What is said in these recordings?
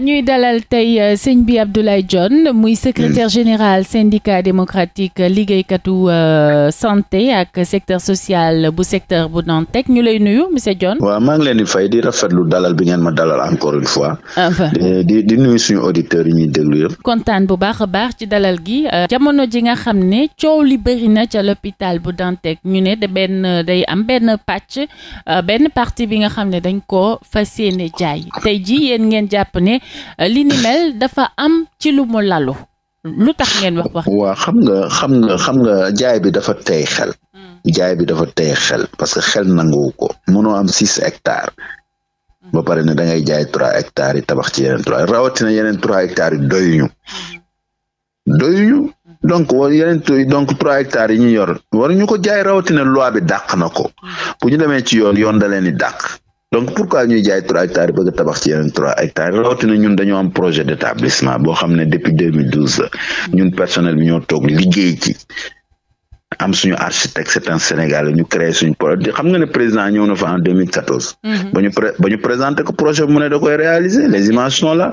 ñuy dalal tey euh, sëñ bi Abdoulaye Dione muy secrétaire général syndicat démocratique euh, liggéeykatu euh, santé ak secteur social bu secteur bu Dantec ñu lay nuyu monsieur Dione. waaw maa ngi leen di fay di rafetlu dalal bi ngeen ma dalal encore une fois. Ah, di di nuyu suñu auditeurs yi ñu déglu yëpp. kontaan bu baax a baax ci dalal gi. jamono ji nga xam ne coow li bëri na ca l'hôpital bu Dantec ñu ne de benn day am benn pàcc benn partie bi nga xam ne dañ ko fa yéene jaay tey ji yéen ngeen jàpp Euh, li ni mel dafa am ci lu mu lalu lu tax ngeen wax wax. waa xam nga xam nga xam nga jaay bi dafa tey xel. Hmm. jaay bi dafa tey xel parce que xel nanguwu ko mënoo am six hectares. Hmm. ba pare ne da ngay jaay trois hectares yi tabax ci yeneen trois rawatina yeneen trois hectares yi doyuñu. Hmm. doyuñu donc war yeneen donc trois hectares yi ñu yor wara ñu ko jaay rawatina loi bi dàq na ko bu ñu demee ci yoon yoon da leen di dàq donc pourquoi ñu jaay trois hectares bëgg a tabax ci yeneen trois hectares rawatina ñun dañoo am projet d' boo xam ne depuis 2012 la ñun personnel bi ñoo toog liggéey ci am suñu architecte c'est ñu créé suñu projet xam nga ne président ñëw na fa en 2014. Mhm. ba ñu pré ko projet mu ne da koy réaliser les images sont là.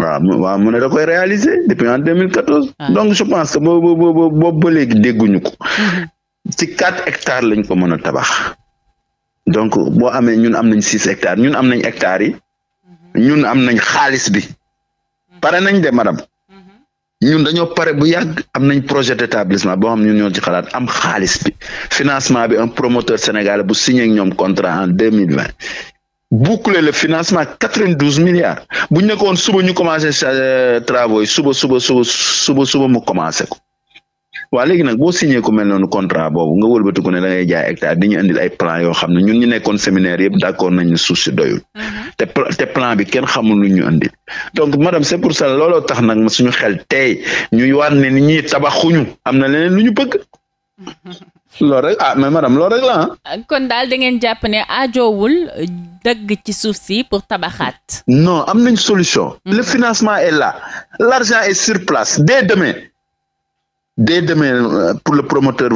waaw waaw mu ne da koy réaliser depuis en 2014. Ah. donc je pense que boobu boobu ba léegi dégguñu ko. Mhm. ci quatre hectares lañu ko mën a tabax. donc boo amee ñun am nañ six hectares ñun am nañ hectares yi ñun am nañ xaalis bi pare nañ de madame ñun dañoo pare bu yàgg am nañ projet de établissement boo xam ñun ñoo ci xalaat am xaalis bi financement bi un promoteur sénégalais bu signé ñoom contrat en deux mille vingt boucler le financement quatre vingt douze milliards bu ñu nekkoon suba ñu commencé euh, travaux yi suba suba suba suba suba mu commencé ko. waa léegi nag boo signé ku mel noonu contrat boobu nga wëlbatiku ne da ngay jaay hectare di ñu andil ay plan yoo xam ne ñun ñu nekkoon séminaire yëpp d' accord nañ ne suuf doyul uh-huh. te plan bi kenn xamul lu ñu andil donc madame c' pour ça looloo tax nag suñu xel tey ñu waat ne ni ñuy tabaxuñu am na leneen lu ñu bëgg uh-huh. loolu rek ah mais madame loo rek la ah. Uh, kon daal da ngeen jàpp ne ajoowul uh, dëgg ci suuf si pour tabaxaat. non am nañ solution. le uh-huh. financement est la l' argent est sur dès demain euh, pour le promoteur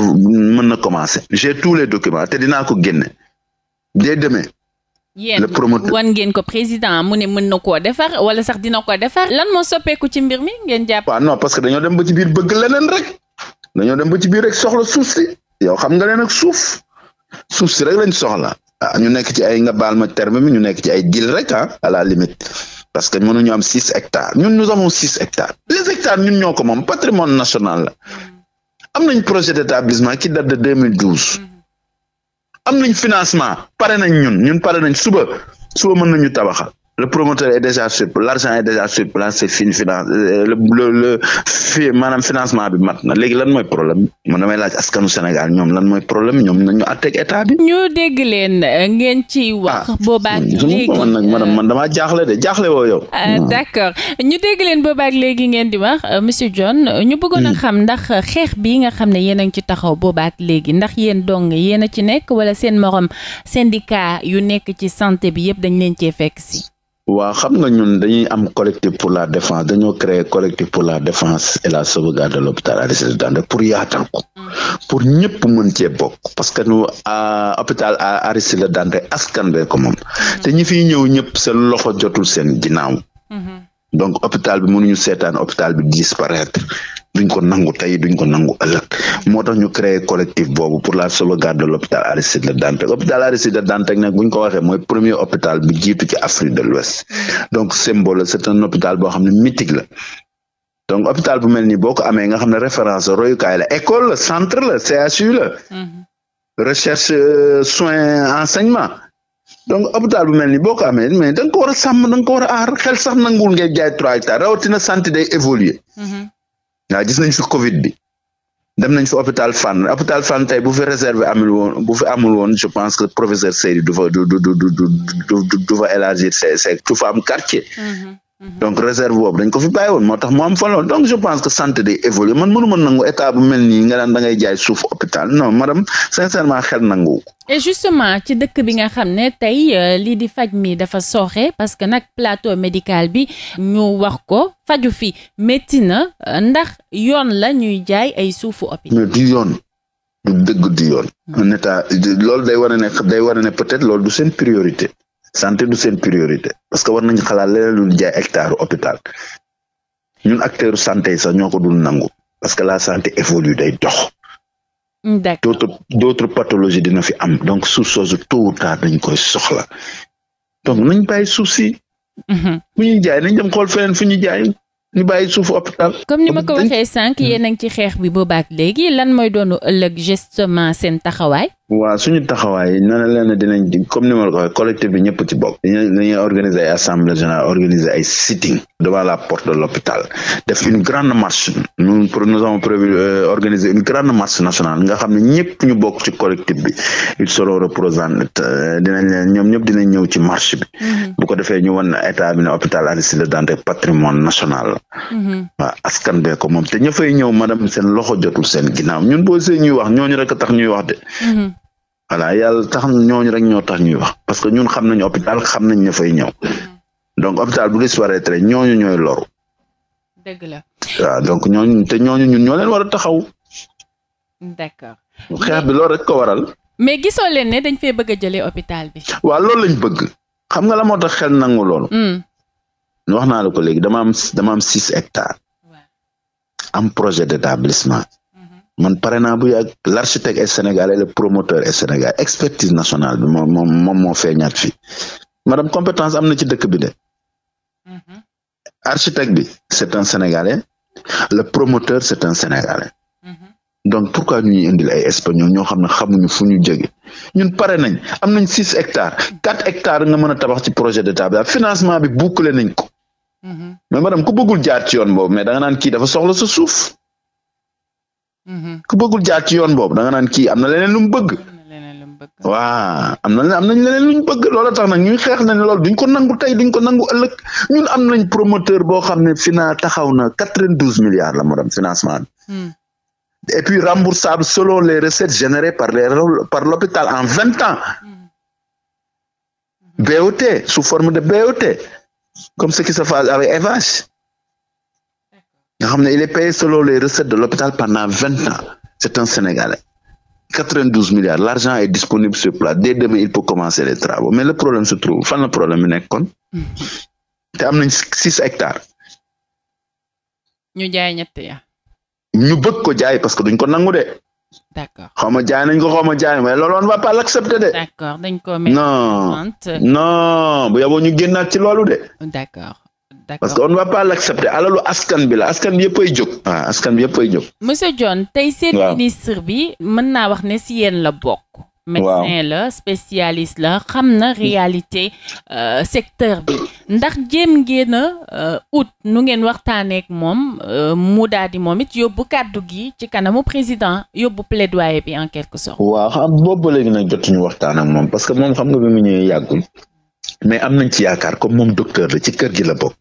mën na commencer j'ai tous les documents te dinaa ko génne dès demain. le promoteur wan ngeen ko président mu ne mën na koo defar wala sax dina ko defar. lan moo soppeeku ci mbir mi ngeen jàpp. waaw non parce que dañoo dem ba ci biir bëgg leneen rek dañoo dem ba ci biir rek soxla suuf si yow xam nga leen ak suuf suuf si rek lañ soxla. ah ñu nekk ci ay nga baal ma terme mi ñu nekk ci ay deal rek ah à la limite. parce que mënuñu am six hectares ñun nous avons six hectares deux hectares ñun ñoo ko moom patrimoine national la mm-hmm. am nañ projet d'établissement qui date de 2012 mm-hmm. am nañ financement pare nañ ñun ñun pare nañ suba suba mën ñu tabaxal le promoteur est déjà sur l'argent est déjà sur place c'est fini finance euh, le le le fi maanaam financement bi mat na léegi lan mooy problème moo damay laaj askanu Sénégal ñoom lan mooy problème ñoom nañu àtteeg état bi. ñu dégg leen euh, ngeen ci wax. Ah, boobaak léegi ah nag madame euh, damaa jaaxle de jaaxle woo hmm. ñu dégg leen boobaak léegi ngeen di wax monsieur Dione. ñu bëggoon a hmm. xam ndax xeex bi nga xam ne yéen a ngi ci taxaw boobaak léegi ndax yéen dong yéen a ci nekk wala seen morom syndicat yu nekk ci santé bi yëpp dañ leen cee fekk si. waaw xam nga ñun dañuy am collectif pour la défense dañoo créer collectif pour la défense et la sauvegarde de l'hôpital Aristide Le Dantec pour yaatal ko pour ñëpp mën cee bokk parce que nu hôpital Aristide Le Dantec askan be ko moom te ñi fi ñëw ñëpp seen loxo jotul seen ginaaw mm-hmm. donc hôpital bi mu ñu seetaan hôpital bi disparaître duñ ko nangu tey duñ ko nangu ëllëg moo tax ñu créé collectif boobu pour la sauvegarde de l'hôpital Aristide Le Dantec hôpital Aristide Le Dantec nag buñ ko waxee mooy premier hôpital bi jiitu ci Afrique de l'Ouest donc symbole c'est un hôpital boo xam ne mythique la donc hôpital bu mel ni boo ko amee nga xam ne référence royukaay la école la centre la CHU la mm-hmm. recherche euh, soins enseignement donc hôpital bu mel ni boo ko amee mais da ko war a sàmm da ko war a aar xel sax nanguwul ngay jaay trois hectares a gis nañ fi Covid bi dem nañ fi hôpital Fann hôpital Fann tey bu fi réservé amul woon bu fi amul woon je pense que professeur Seydi du fa du du du du du du fa élargir ses tu fa am quartier mm-hmm. Mhm. donc réserve boobu dañ ko fi bàyyi woon moo tax mu am fa loolu donc je pense que santé day évoluer man mënu ma nangu état bu mel nii nga daan da ngay jaay suuf hôpital non madame sincèrement xel nangu. et justement ci dëkk bi nga xam ne tey euh, lii di faj mi dafa sooxe parce que nag plateau médical bi ñu wax ko faju fi metti na euh, ndax yoon la ñuy jaay ay suufu hôpital. du yoon du dëgg du yoon. Hmm. un état loolu day war a ne day war a ne peut-être loolu du seen priorité. santé du seen priorité parce que war nañu xalaat leneen lu jaay hectare hôpital ñun acteur santé yi sax ñoo ko dul nangu parce que la santé évolue day dox. d'accord d'autres d'autres pathologies dina fi am donc suuf soosu tôt ou tard dañ koy soxla donc nañ bàyyi suuf si. Mm-hmm. fu ñuy jaay nañ dem xool feneen fu ñu jaay. ñu bàyyi suufu hôpital. comme ni ma ko waxee sànq yéen a ngi ci xeex bi boobaak léegi lan mooy doonu ëllëg justement seen taxawaay. waaw suñu taxawaay nee na leen dinañ comme ni ma la ko waxee collectif bi ñëpp ci bokk dañuy organiser ay assemblée générale organiser ay sitting devant la porte de l'hôpital def une grande marche nous nous avons prévu euh, organiser une grande marche nationale nga xam ne ñëpp ñu bokk ci collectif bi ils seront représentés euh, dinañ ñoom ñëpp dinañ ñëw ci marché bi mm-hmm. bu ko defee ñu wan état bi ne hôpital Aristide Le Dantec patrimoine national la mm-hmm. waaw askan bee ko moom te ña fay ñëw madame seen loxo jotu seen ginnaaw ñun boo see ñuy wax ñooñu rek tax ñuy wax de mm-hmm. voilà yàlla tax ñooñu rek ñoo tax ñuy wax parce que ñun xam nañu hôpital xam nañ ña fay ñëw mm-hmm. donc hôpital bu gis waree tere ñooñu ñooy loru. dëgg la waaw donc ñooñu te ñooñu ñun ñoo leen war a taxaw. d'accord xeex bi loolu rek ko waral. mais gisoo ne dañ fee bëgg a jëlee hôpital bi. waaw loolu lañ bëgg xam nga la moo tax xel nangu loolu. Mm. wax naa la ko léegi dama am dama am six hectares. am projet d'établissement man pare naa bu yàgg l'architecte est sénégalais le promoteur est sénégalais expertise nationale bi moom moom moom moo feeñaat fii madame compétence am na ci dëkk bi de mhm. architecte bi c'est un sénégalais le promoteur c'est un sénégalais mhm. donc pourquoi ñuy indil ay espagnol ñoo xam ne xamuñu fu ñu jóge ñun pare nañ am nañ six hectares quatre hectares nga mën a tabax ci projet d'état bi financement bi boucler nañ ko mhm. mais madame ku bëggul jaar ci yoon boobu mais da nga naan kii dafa soxla sa suuf Mm-hmm. ku bëggu jaar ci yoon boobu da naan kii am na leneen lu mu bëgg. waa am na am nañ leneen luñ bëgg loola tax nag ñuy xeex nañ loolu duñ ko nangu tey duñ ko nangu ëllëg ñun am nañ promoteur boo xam ne fina taxaw na quatre-vingt-douze milliards la moo dem financement bi hmm. et puis remboursable selon les recettes générées par les par l'hôpital en vingt ans hmm. hmm. BOT sous forme de BOT comme ce qui se passe avec EVH nga xam ne il est payé selon les recettes de l'hôpital pendant vingt ans c'est un Sénégalais quatre-vingt-douze milliards l'argent est disponible sur place dès demain il peut commencer les travaux mais le problème se trouve fan la problème nekk kon mm-hmm. te am nañ six hectares ñu jaay ñett ya ñu bëgg ko jaay parce que duñ ko nangu de d'accord xaw ma jaay nañ ko xaw ma jaay mais loolu on va pas l'accepter de. d'accord dañ ko non non bu yaboo ñu génnaat ci loolu de. parce que on ne va pas alalu askan bi la askan bi yëpp ay jóg. waaw ah, askan bi yëpp ay jóg. monsieur Dione tey seen ministre bi mën naa wax ne si yéen la bokk. médecin la spécialiste la xam na réalité euh, secteur bi ndax jéem ngeen a euh, ut nu ngeen waxtaaneek moom euh, mu daal di moom it yóbbu kàddu gi ci kanamu président yóbbu plaidoyer bi en quelque sorte. waa xam boobu léegi nag jotuñu waxtaan ak moom parce que moom xam nga bi mu ñëwee yàggul. mais am nañ ci yaakaar comme moom docteur la ci kër gi la bokk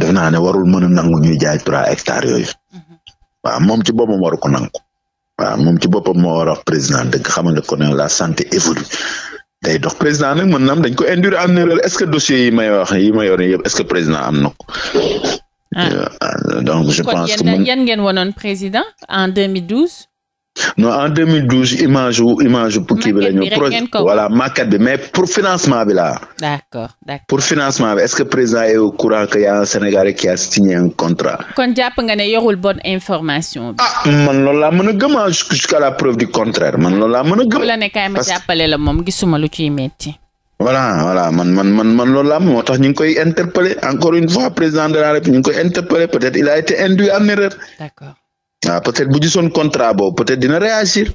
def naa ne warul mën a nangu ñuy jaay trois ectares yooyu mhm. waaw moom ci boppam waru ko nangu waaw moom ci boppam moo war a président dëgg xamal ne ko ne la santé évolue day dox président nag mën na dañ ko induire am na est-ce que dossier yi may wax yi ma yor yëpp est-ce que président am na ko ah. euh, donc je pense que moom kon wonoon président en non en 2012 image wu image bu kii bi la ñu voilà maquette bi mais pour financement bi la d'accord d'accord pour financement bi est-ce que président est au courant que y a un Sénégalais qui signé un contrat kon jàpp nga ne yorul bonne information bi ah man loolu laa mën a gëm ah jusqu'à la preuve du contraire man loolu laa mën a gëm la ne kaay ma jàppale la moom gisuma lu ciy metti voilà voilà man man man man loolu la moo tax ñu ngi koy interpeller encore une fois président de la République ñu ngi koy interpeller peut-être il a été waaw peut-être bu gisoon contrat boobu peut-être dina réagir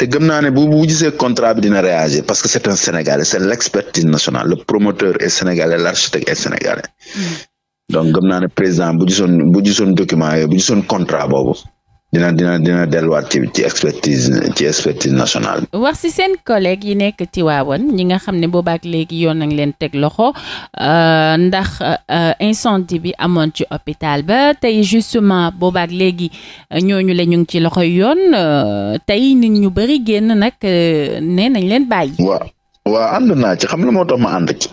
te gëm bu bu gisee contrat bi dina réagir parce que c'est un sénégalais c'est l'expertise nationale le promoteur est sénégalais l'architecte est sénégalais mm-hmm. donc gëm président bu gisoon document yooyu bu gisoon contrat boobu dina dina dina delluwaat ci ci expertise ci nationale wax si seen collègue yi nekk Tivaouane ñi nga xam ne boobaak léegi yoon nañ leen teg loxo euh, ndax euh, incendie bi amoon ci hôpital ba tey justement boobaak léegi euh, ñooñu la ñu ngi ci loxo yoon tey nit ñu bëri génn nag nee nañ leen bàyyi. waaw waaw ànd naa ci xam la moo tax ma ànd ci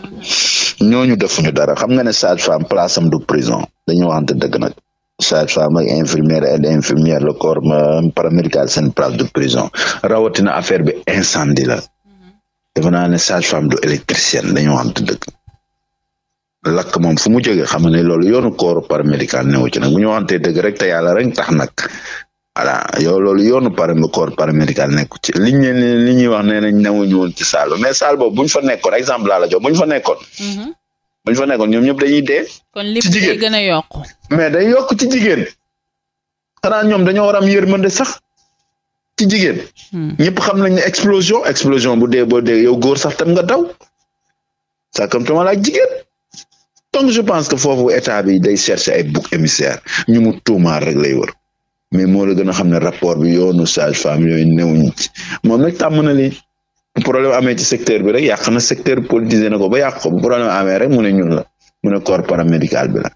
ñooñu defuñu dara xam nga ne sage-femme place am du prison dañu waxante dëgg nag. sage-femme ak infirmière aide infirmière le corps paramédical seen place de prison rawatina affaire bi incendie la mhm. defe naa ne sage-femme du électricienne dañoo am te dëgg lakk fu mu jógee xam ne loolu yoonu corps paramédical newu ci nag bu ñu waxantee dëgg rek te yàlla rek tax nag voilà yow loolu yoonu par corps paramédical nekku ci liñ ne li ñuy wax nee nañ newuñu woon ci salle mais salle boobu buñ fa nekkoon exemple laa la fa nekkoon mhm. bu ñu fa nekkoon ñoom ñëpp dañuy dee. kon lépp day gën a yokk mais day yokk ci jigéen xanaa ñoom dañoo war am yërmande sax ci jigéen. Hmm. ñëpp xam nañ ne explosion explosion bu dee boo dee yow góor sax tam nga daw ça comme tuma laaj jigéen donc je pense que foofu état bi day chercher ay bouc émissaire ñu mu tuumaal rek lay wër mais moo la gën a xam ne rapport bi yoonu sage femme yooyu newuñu ci moom nag tàmm na lii problème amee ci secteur bi rek yàq na secteur politisé na ko ba yàq ko problème amee rek mu ne ñun la mu ne corps paramédical bi la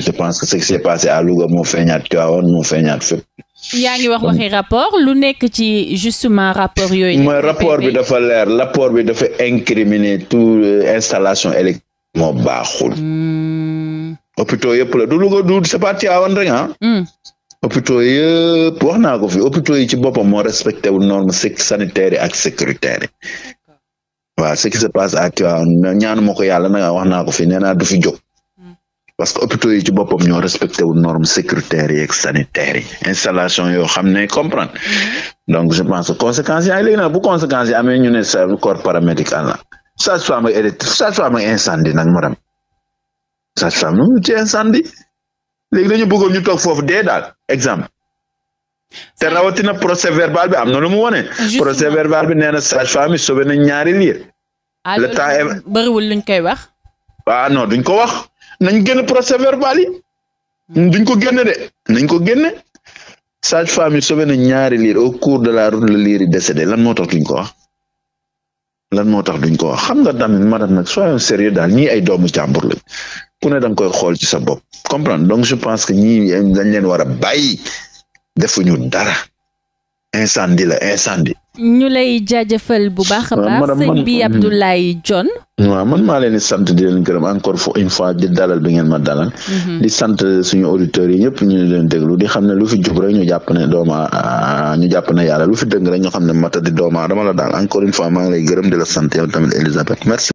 je pense que ce qui s'est passé à Louga moo feeñaat Tivaouane moo feeñaat fépp. yaa ngi wax waxi rapport lu nekk ci justement rapport yooyu. mooy rapport bi dafa leer rapport bi dafa incriminer tout euh, installation électrique moo baaxul. Hmm. hôpitaux yëpp la du Louga du c'est pas Tivaouane rek ah. hmm. hôpitaux yëpp wax naa ko fi hôpitaux yi ci boppam moo respecté wu norme sanitaire yi ak sécuritaire yi waaw ce qui se passe à Tivaouane ñaanu ma ko yàlla nag wax naa ko fi nee naa du fi jóg hmm. parce que hôpitaux yi ci boppam ñoo respecté wu norme sécuritaire yi ak sanitaire yi installation yoo xam ne comprendre hmm. donc je pense que conséquences yi léegi nag bu conséquences yi amee ñu ne sa corps paramédical la sage-femme ak électrique sage-femme ak incendie nag madame sage-femme ci incendie léegi dañu bëggoon ñu toog foofu dee daal exemple te rawatina procès verbal bi am na lu mu wone procès verbal bi nee na sage femme yi nañ ñaari lii ah, le temps est bëriwul luñ koy wax ah no duñ ko wax nañ génn procès verbal yi hmm. duñ ko génn de nañ ko génne sage femme yi ñaari liir au cours de la route le liir yi décédé lan moo tax duñ ko wax lan moo tax duñ ko wax xam nga tamit madame nag soyons sérieux daal ñii ay doomu jàmbur lañ ku ne da nga koy xool ci sa bopp comprendre donc je pense que ñii dañ leen war a bàyyi defuñu dara incendie la incendie. ñu lay jaajëfal bu baax a baax sëñ bi Abdoulaye Dione waaw man maa leen di sant di leen gërëm encore fois une fois di dalal bi ngeen ma dalal mhm. di sant suñu auditeurs yi ñëpp ñu leen déglu di xam ne lu fi jub rek ñu jàpp ne dooma ah, ñu jàpp ne yàlla lu fi dëng rek ñu xam ne mata di doomaa dama la daal encore une maa ngi lay gërëm di la sant